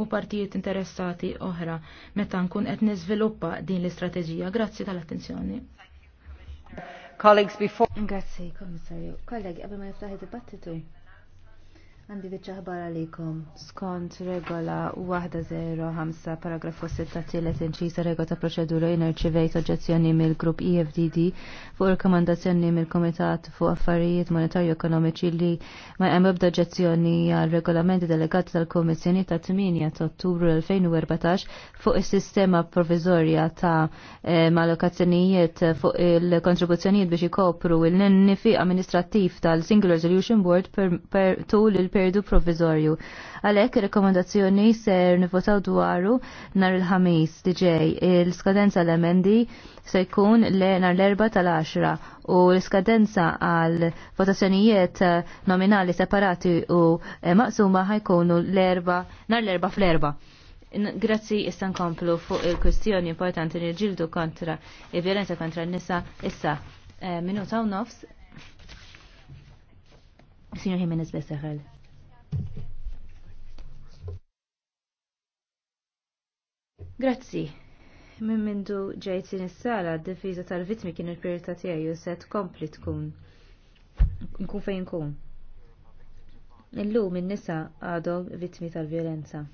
u partijiet interessati oħra meta nkun qed niżviluppa din l-istrateġija. Grazzi tal-attenzjoni. Grazzi, Kommissarju. Kollegi, qabel ma niftaħ id-dibattitu, Għandi ħbar għalikom. Skont regola 105 paragrafu 6 tillet inċisa regola ta' proċedura jina rċivejt oġġezzjoni mill-grupp EFDD fuq rekomandazzjoni mill-Komitat fuq Affarijiet Monetarju Ekonomiċi li ma hemm ebda oġġezzjoni għal regolamenti delegati tal-Komissjoni ta' 8 ta' Ottubru 2014 fuq is-sistema provizorja ta' eh, malokazzjonijiet fuq il-kontribuzzjonijiet biex ikopru il-nennifi amministrattiv tal-Single Resolution Board per tul il periodu provizorju. Għalhekk ir-rekomendazzjoni ser nivotaw dwaru nhar il-ħamis diġej. Il-skadenza l-emendi se jkun le nar l-erba tal-10 u l-skadenza għal votazzjonijiet nominali separati u maqsuma ħajkunu l-erba nhar l-erba fl-erba. Grazzi issa nkomplu fuq il-kwistjoni importanti li ġildu kontra il-violenza kontra n-nisa issa. Eh, minuta u nofs. Signor Jimenez Becerrel. Grazzi. Minn mindu ġejt sala d-difiża tal-vittmi kien il-priorità tiegħi u set kompli tkun. Nkun fejn kun. Illum in-nisa għadhom vittmi tal-vjolenza.